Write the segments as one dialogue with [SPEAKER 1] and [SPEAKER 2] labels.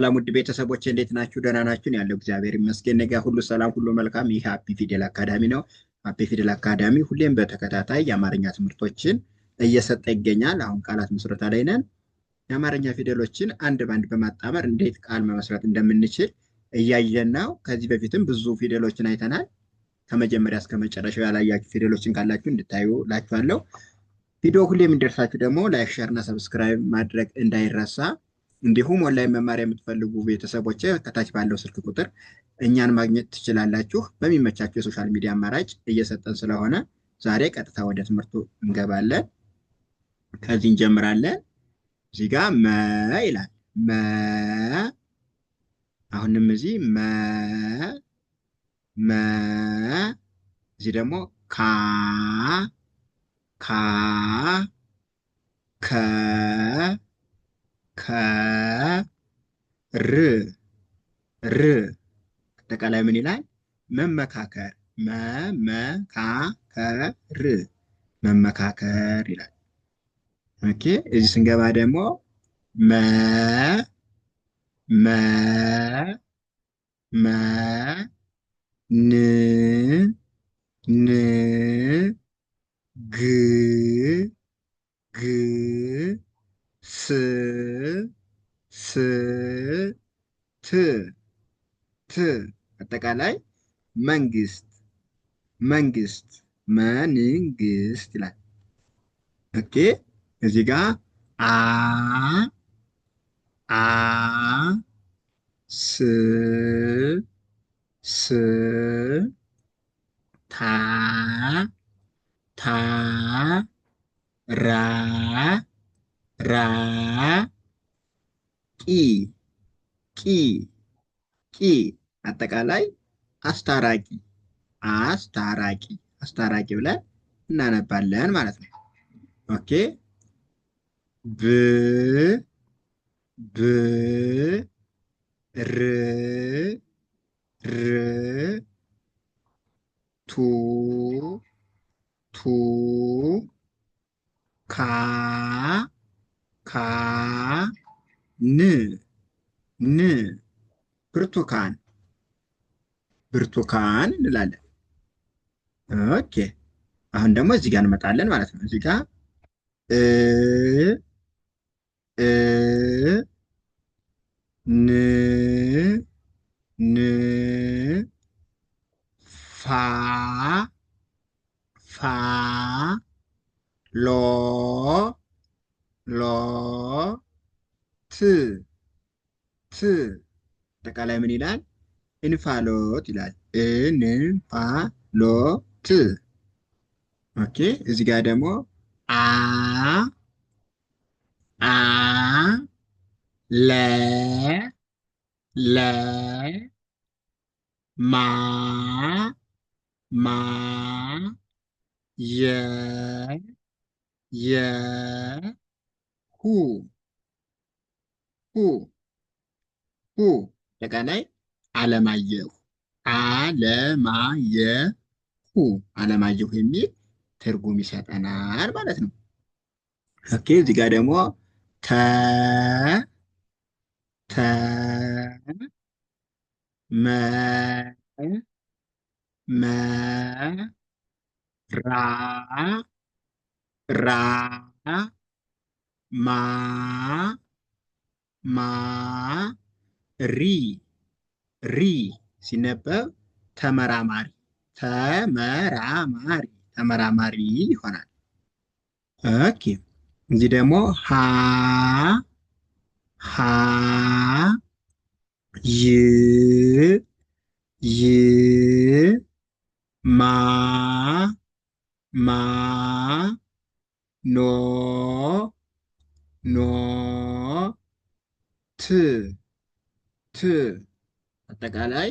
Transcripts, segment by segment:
[SPEAKER 1] ሰላም ውድ ቤተሰቦች እንዴት ናችሁ? ደህና ናችሁን? ያለው እግዚአብሔር ይመስገን። ነገ ሁሉ ሰላም፣ ሁሉ መልካም። ይህ ሀፒ ፊደል አካዳሚ ነው። ሀፒ ፊደል አካዳሚ ሁሌም በተከታታይ የአማርኛ ትምህርቶችን እየሰጠ ይገኛል። አሁን ቃላት ምስረታ ላይ ነን። የአማርኛ ፊደሎችን አንድ በአንድ በማጣመር እንዴት ቃል መመስረት እንደምንችል እያየን ነው። ከዚህ በፊትም ብዙ ፊደሎችን አይተናል። ከመጀመሪያ እስከ መጨረሻው ያላያችሁ ፊደሎችን ካላችሁ እንድታዩ ላችኋለሁ። ቪዲዮ ሁሌም እንደርሳችሁ ደግሞ ላይክ፣ ሸር እና ሰብስክራይብ ማድረግ እንዳይረሳ እንዲሁም ኦንላይን መማሪያ የምትፈልጉ ቤተሰቦች ከታች ባለው ስልክ ቁጥር እኛን ማግኘት ትችላላችሁ። በሚመቻቸው የሶሻል ሚዲያ አማራጭ እየሰጠን ስለሆነ ዛሬ ቀጥታ ወደ ትምህርቱ እንገባለን። ከዚህ እንጀምራለን። እዚህ ጋ መ ይላል መ አሁንም እዚህ መ መ እዚህ ደግሞ ካ ካ ከ ከር ር አጠቃላይ ምን ይላል? መመካከር መመካከር መመካከር ይላል። ኦኬ እዚህ ስንገባ ደግሞ መ መ መ ን ን ግ ግ ስ ት ት አጠቃላይ መንግስት መንግስት መንግስት ይላል። ኦኬ እዚህ ጋ አ አ ስ ቂ ቂ ቂ አጠቃላይ አስታራቂ አስታራቂ አስታራቂ ብለን እናነባለን ማለት ነው። ኦኬ ብ ብ ር ር ቱ ቱ ካ ካ ን ን ብርቱካን ብርቱካን እንላለን። ኦኬ አሁን ደግሞ እዚህ ጋር እንመጣለን ማለት ነው። እዚህ ጋር እ እ ን ን ፋ ፋ ሎ ሎ ት አጠቃላይ ምን ይላል? እንፋሎት ይላል። እንፋሎት ኦኬ። እዚህ ጋር ደግሞ አ አ ለ ለ ማ ማ የ የ ሁ ሁ ሁ አጠቃላይ አለማየሁ አለማየሁ አለማየሁ የሚል ትርጉም ይሰጠናል ማለት ነው። ኦኬ እዚህ ጋር ደግሞ ተ ተ መ መ ራ ራ ማ ማሪ ሪ ሪ ሲነበብ ተመራማሪ ተመራማሪ ተመራማሪ ይሆናል። ኦኬ እዚህ ደግሞ ሀ ሀ ይ ይ ማ ማ ኖ ት ት አጠቃላይ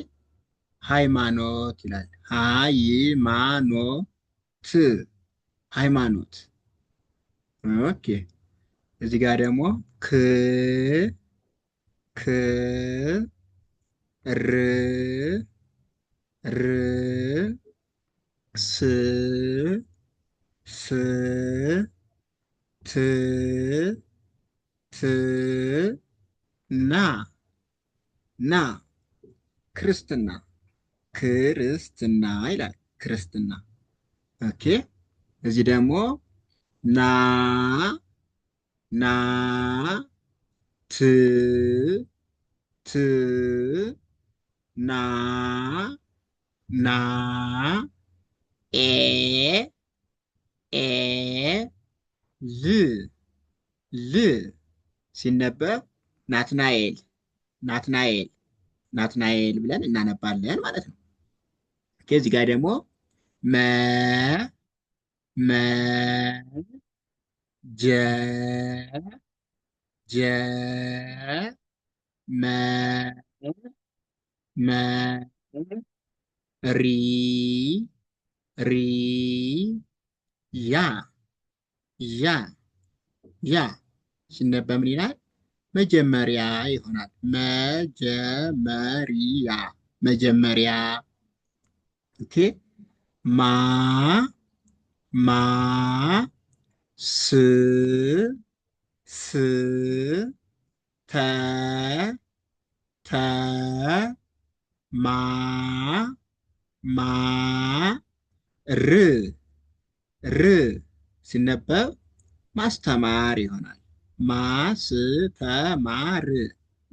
[SPEAKER 1] ሃይማኖት ይላል። ሃይማኖት ሃይማኖት። ኦኬ እዚህ ጋር ደግሞ ክ ክ ር ር ስ ስ ት ት ና ና ክርስትና ክርስትና ይላል። ክርስትና ኦኬ። እዚህ ደግሞ ና ና ት ት ና ና ኤ ኤ ል ል ሲነበብ ናትናኤል ናትናኤል ናትናኤል ብለን እናነባለን ማለት ነው። ከዚህ ጋር ደግሞ መ መ ጀ ጀ መ መ ሪ ሪ ያ ያ ያ ሲነበብ ምን ይላል? መጀመሪያ ይሆናል። መጀመሪያ መጀመሪያ። ኦኬ ማ ማ ስ ስ ተ ተ ማ ማ ር ር ሲነበብ ማስተማር ይሆናል። ማስተማር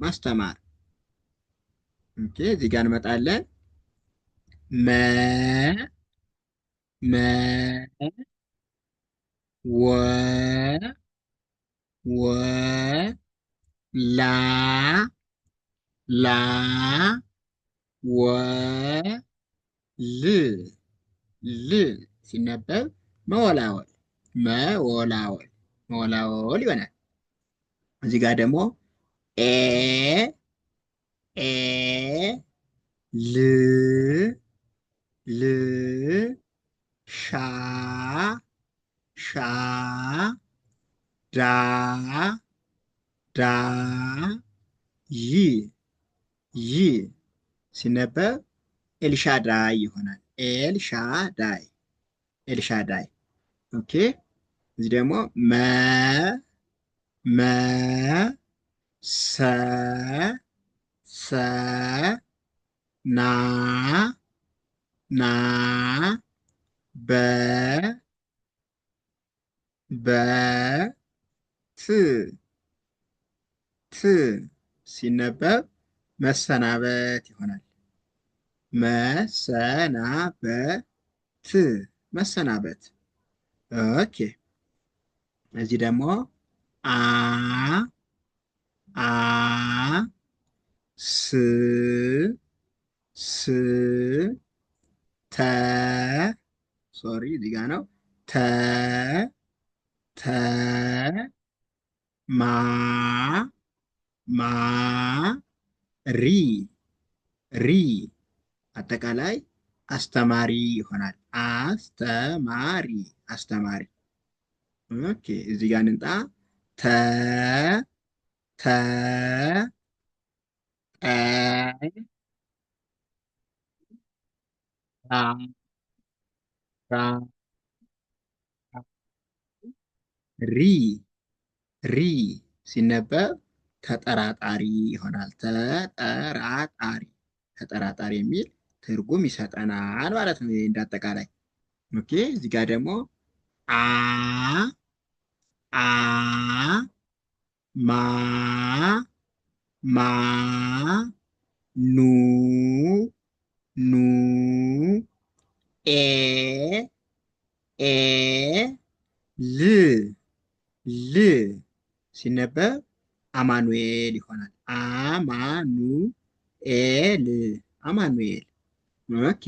[SPEAKER 1] ማስተማር። ኦኬ እዚህ ጋር እንመጣለን። መ መ ወ ወ ላ ላ ወ ል ል ሲነበብ መወላወል መወላወል መወላወል ይሆናል። እዚህ ጋር ደግሞ ኤ ኤ ል ል ሻ ሻ ዳ ዳ ይ ይ ሲነበብ ኤልሻዳይ ይሆናል። ኤልሻዳይ ኤልሻዳይ። ኦኬ እዚህ ደግሞ መ መ ሰ ሰ ና ና በ በ ት ት ሲነበብ መሰናበት ይሆናል። መሰናበት መሰናበት። ኦኬ እዚህ ደግሞ አ አ ስ ስ ተ ሶሪ እዚህ ጋ ነው ተ ተ ማ ማ ሪ ሪ አጠቃላይ አስተማሪ ይሆናል። አስተማሪ አስተማሪ። ኦኬ እዚህ ጋ እንምጣ። ተ ተ ጠ ራ ራ ሪ ሪ ሲነበብ ተጠራጣሪ ይሆናል። ተጠራጣሪ ተጠራጣሪ የሚል ትርጉም ይሰጠናል ማለት ነው። እንዳጠቃላይ ኦኬ። እዚህ ጋር ደግሞ አ አ ማ ማ ኑ ኑ ኤ ኤ ል ል ሲነበብ አማኑኤል ይሆናል። አማኑኤል አማኑኤል። ኦኬ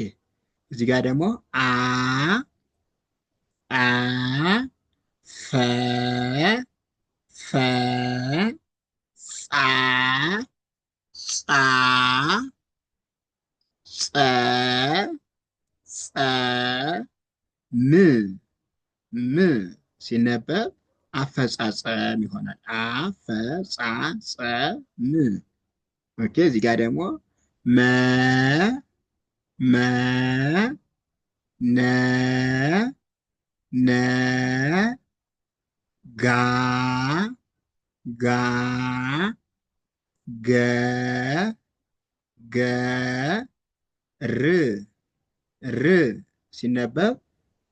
[SPEAKER 1] እዚህ ጋር ደግሞ አ አ ፈ ሲነበብ አፈጻጸም ይሆናል። አፈጻጸም ኦኬ። እዚህ ጋር ደግሞ መ መ ነ ነ ጋ ጋ ገ ገ ር ር ሲነበብ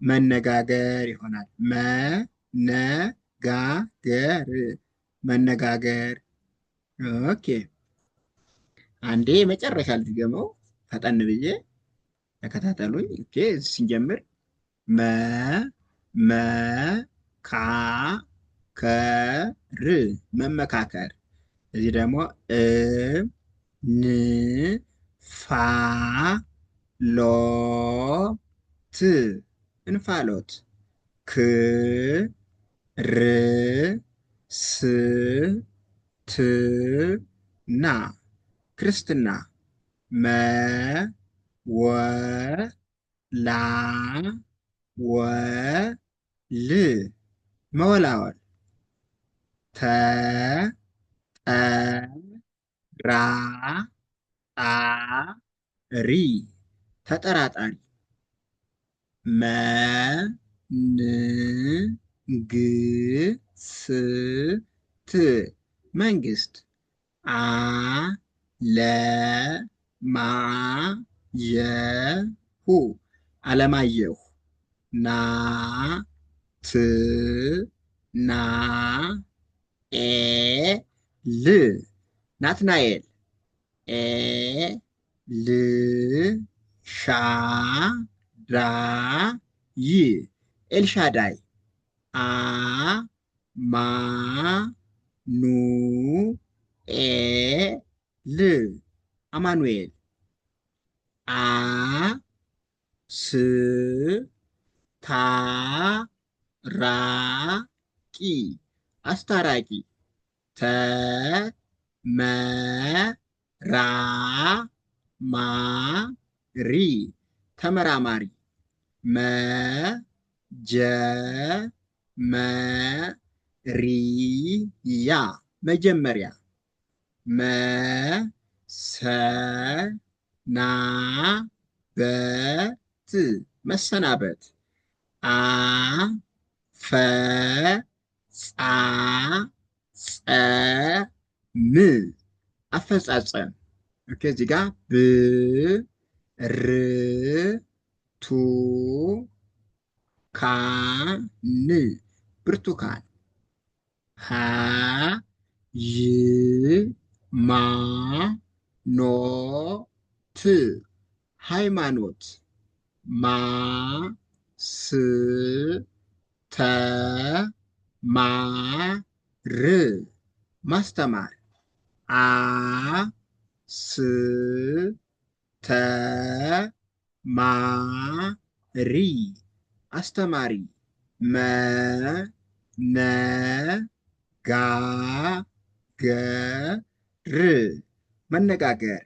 [SPEAKER 1] መነጋገር ይሆናል። መነጋገር መነጋገር። ኦኬ አንዴ መጨረሻ ልድገመው ፈጠን ብዬ ተከታተሉኝ። ኦኬ ስንጀምር መ መ ካ ከ ር መመካከር። እዚህ ደግሞ እ ን ፋ ሎ ት እንፋሎት ክ ር ስ ት ና ክርስትና መ ወ ላ ወ ል መወላወል ተ ጠ ራ ጣ ሪ ተጠራጣሪ መንግስት መንግስት አለማየሁ አለማየሁ ናት ና ኤል ናትናኤል ኤልሻ ራ ይ ኤልሻዳይ አ ማ ኑ ኤ ል አማኑኤል አ ስ ታ ራ ቂ አስታራቂ ተ መ ራ ማ ሪ ተመራማሪ መጀመሪያ መጀመሪያ መሰናበት መሰናበት አፈጻጸም አፈጻጸም እዚህ ብ ብር ቱ ካ ብርቱካን ሀ ይ ማ ኖ ት ሃይማኖት ማ ስ ተ ማ ር ማስተማር አ ስ ተ ማሪ አስተማሪ መነጋገር መነጋገር።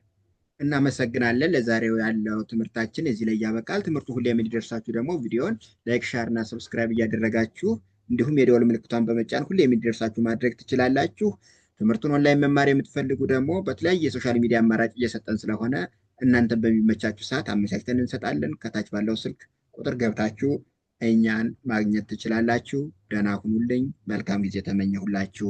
[SPEAKER 1] እናመሰግናለን። ለዛሬው ያለው ትምህርታችን እዚህ ላይ ያበቃል። ትምህርቱ ሁሌ የሚደርሳችሁ ደግሞ ቪዲዮን ላይክ፣ ሻር እና ሰብስክራይብ እያደረጋችሁ እንዲሁም የደወል ምልክቷን በመጫን ሁሌ የሚደርሳችሁ ማድረግ ትችላላችሁ። ትምህርቱን ኦንላይን መማር የምትፈልጉ ደግሞ በተለያየ የሶሻል ሚዲያ አማራጭ እየሰጠን ስለሆነ እናንተን በሚመቻችሁ ሰዓት አመቻችተን እንሰጣለን። ከታች ባለው ስልክ ቁጥር ገብታችሁ እኛን ማግኘት ትችላላችሁ። ደህና ሁኑልኝ። መልካም ጊዜ ተመኘሁላችሁ።